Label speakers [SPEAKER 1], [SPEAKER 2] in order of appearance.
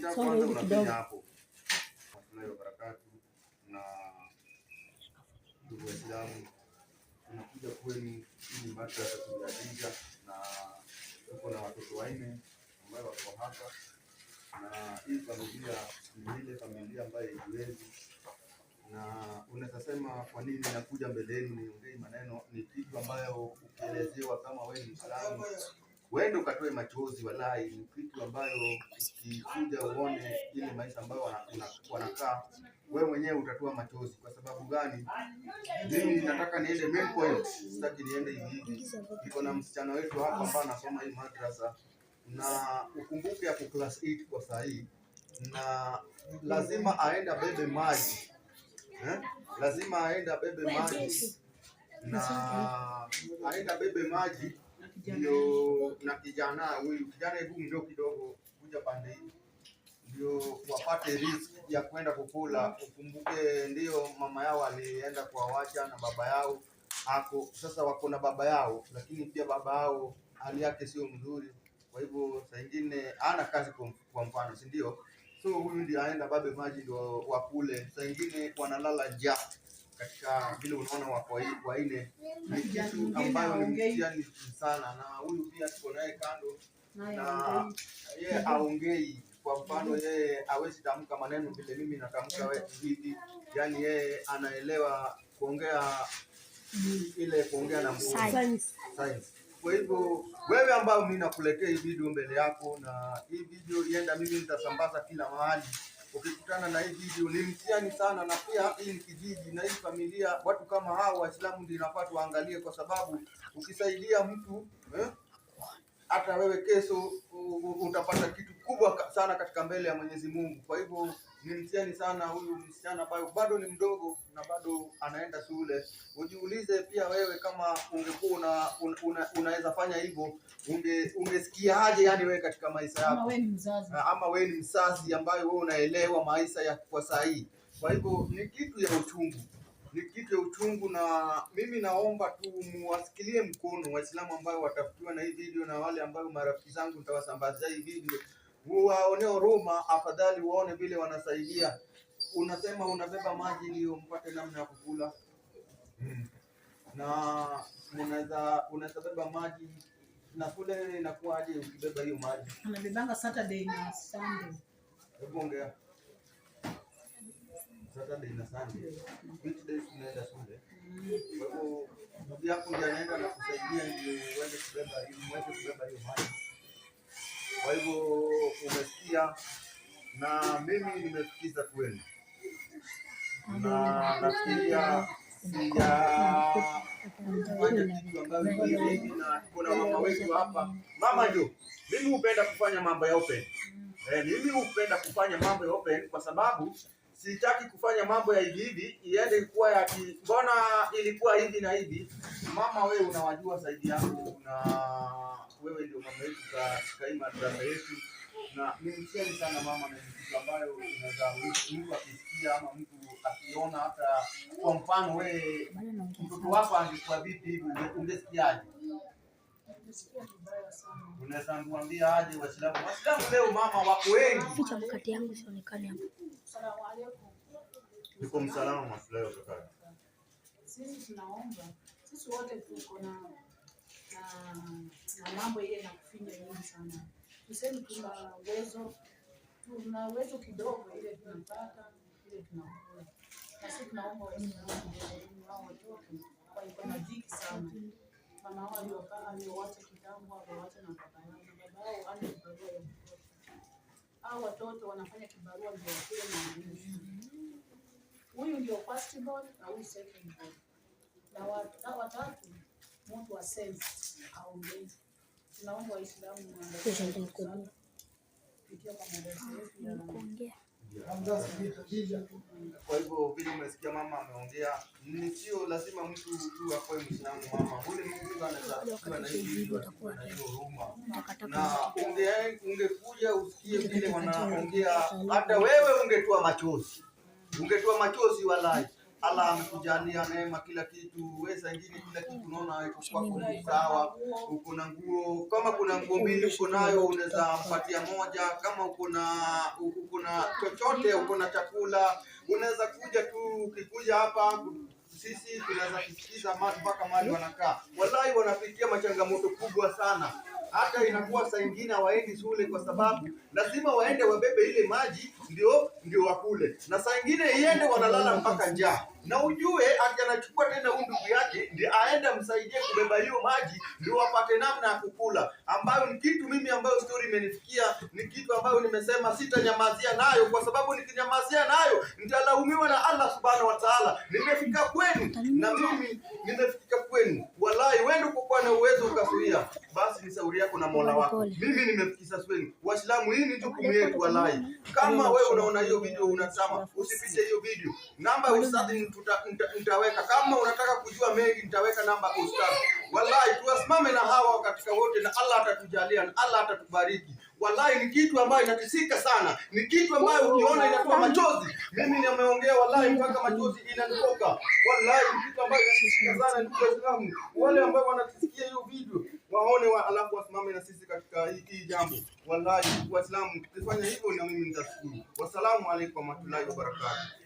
[SPEAKER 1] Nitaka hili kidogo barakatu na ndugu Waislamu, tunakuja kwenu ili madrasa kujadija, na tuko na watoto wanne ambayo wako hapa, na hii familia ni ile familia ambayo haijiwezi, na unaweza sema kwa nini nakuja mbele yenu niongee maneno, ni kitu ambayo ukielezewa kama wewe ni Muislamu uende ukatoe machozi, walai ni kitu ambayo ukikuja uone ile maisha ambayo wanakaa, wewe mwenyewe utatoa machozi. Kwa sababu gani? Mimi nataka niende main point, sitaki niende hivi. Niko na msichana wetu hapa ambaye anasoma hii madrasa, na ukumbuke hapo class 8 kwa saa hii, na lazima aende bebe maji eh? lazima aende bebe maji na aenda bebe maji ndio na kijana huyu kijana hebu ndio kidogo kuja pande hii ndio wapate riski ya kwenda kukula. Ukumbuke ndio mama yao alienda kuwawacha na baba yao hapo, sasa, wako na baba yao, lakini pia baba yao hali yake sio mzuri, kwa hivyo saa nyingine hana kazi, kwa mfano, si ndio? So huyu ndio aenda babe maji ndio wakule, saa nyingine wanalala njaa katika vile unaona wako wanne, ni kitu ambayo ni mtihani sana, na huyu pia tuko naye kando na yeye aongei kwa mfano yeye hawezi tamka maneno vile mimi natamka hivi, yani yeye anaelewa kuongea ile kuongea na science. Science. Kwa hivyo wewe ambao mimi nakuletea hii video mbele yako, na hii video ienda, mimi nitasambaza kila mahali ukikutana na hii video ni mtihani sana, na pia hii ni kijiji na hii familia. Watu kama hao Waislamu ndio inafaa tuangalie, kwa sababu ukisaidia mtu eh, hata eh, wewe kesho utapata kitu kubwa sana katika mbele ya Mwenyezi Mungu. Kwa hivyo nimtieni sana huyu msichana ambaye bado ni mdogo na bado anaenda shule. Ujiulize pia wewe kama ungekuwa una, una, unaweza fanya hivyo unge, ungesikiaje yani wewe katika maisha yako, ama
[SPEAKER 2] wewe ni mzazi, ah, ama wewe ni mzazi
[SPEAKER 1] ambaye wewe unaelewa maisha ya kwa sahihi. Kwa hivyo ni kitu ya uchungu nikite uchungu, na mimi naomba tu muwasikilie mkono Waislamu ambao watafutiwa na hii video na wale ambao marafiki zangu nitawasambazia hii video, waone huruma, afadhali waone vile wanasaidia. Unasema unabeba maji ndio mpate namna ya kukula na unaweza beba maji na kule inakuwaje ukibeba hiyo maji?
[SPEAKER 2] unabebanga Saturday na Sunday.
[SPEAKER 1] Hebu ongea Saturday na Sunday. Which days tunaenda shule? Kwa hivyo ndugu yako ndiye anaenda na kusaidia ndio uweze kubeba hiyo mweze kubeba hiyo maji. Kwa hivyo umesikia na mimi nimesikiza kweli. Na nafikiria sijafanya kitu ambayo hivi na kuna mama wetu hapa. Mama jo, mimi hupenda kufanya mambo ya open. Eh, mimi hupenda kufanya mambo ya open kwa sababu sitaki kufanya mambo ya hivi hivi, iende kuwa ya mbona ilikuwa hivi na hivi. Mama wewe unawajua zaidi yangu, na wewe ndio mama yetu katika hii madrasa yetu, na nimsheni sana mama, na kitu ambayo unaweza mtu akisikia ama mtu akiona, hata kwa mfano wewe mtoto wako angekuwa vipi hivi, ungesikiaje? Unaweza kuambia aje? Waislamu, Waislamu leo mama wako wengi, kati yangu sionekane hapo Salamu alaykum. Niko msalama maslahi ya kaka.
[SPEAKER 3] Sisi tunaomba. Sisi wote tuko na na mambo ile na kufinya nyingi sana. Tuseme tuna uwezo tuna uwezo kidogo ile tunapata ile tunaomba. Na sisi tunaomba waislamu wao watoke kwa iko na dhiki sana. Mama wao aliwapa aliwacha kitambo akawacha na baba yao. Baba yao ana au watoto wanafanya kibarua ndio kile na huyu ndio first born na huyu second born, na watatu mtu wa sense aongee. Tunaomba Waislamu kupitia kwa madarasa yetu ya kuongea
[SPEAKER 1] kwa hivyo vile umesikia mama ameongea, ni sio lazima mtu tu akoe Mwislamu. Mama ule Mungu anatafuta na hiyo huruma, na ungekuja usikie vile wanaongea, hata wewe ungetua machozi, ungetua machozi walai Allah amekujalia neema kila kitu, wewe zingine kila kitu, unaona iko kwako sawa. Uko na nguo, kama kuna nguo mbili uko nayo unaweza mpatia moja. Kama uko na uko na chochote, uko na chakula, unaweza kuja tu. Ukikuja hapa sisi tunaweza kusikiza mpaka mahali wanakaa, wallahi wanapitia machangamoto kubwa sana hata inakuwa saa ingine hawaendi shule kwa sababu lazima waende wabebe ile maji ndio ndio wakule, na saa ingine iende wanalala mpaka njaa na ujue akanachukua tena huyu ndugu yake ndi aende amsaidie kubeba hiyo maji, ndio wapate namna ya kukula, ambayo ni kitu mimi ambayo story imenifikia, ni kitu ambayo nimesema sitanyamazia nayo, kwa sababu nikinyamazia nayo nitalaumiwa na Allah subhanahu wa ta'ala. Nimefika kwenu na mimi nimefika kwenu, wallahi wewe ndio kwa na uwezo ukafuria, basi ni sauri yako na Mola wako. Mimi nimefikisa kwenu. Waislamu, hii ni jukumu yetu walai. Kama wewe unaona hiyo video unatama, usipite hiyo video. Namba ya ustadhi nitaweka, kama unataka kujua mengi nitaweka namba ya ustadhi. Wallahi, tuwasimame na hawa katika wote, na Allah atatujalia na Allah atatubariki wallahi ni kitu ambayo inatisika sana, ni kitu ambayo ukiona inatoa machozi. Mimi nimeongea wallahi mpaka machozi inanitoka, wallahi ni kitu ambayo inatisika sana, ndugu Waislamu. Wale ambao wanatisikia hiyo video waone wa, alafu wasimame na sisi katika hii jambo. Wallahi Waislamu, tukifanya hivyo na mimi nitashukuru. Wasalamu alaikum warahmatullahi wabarakatuh.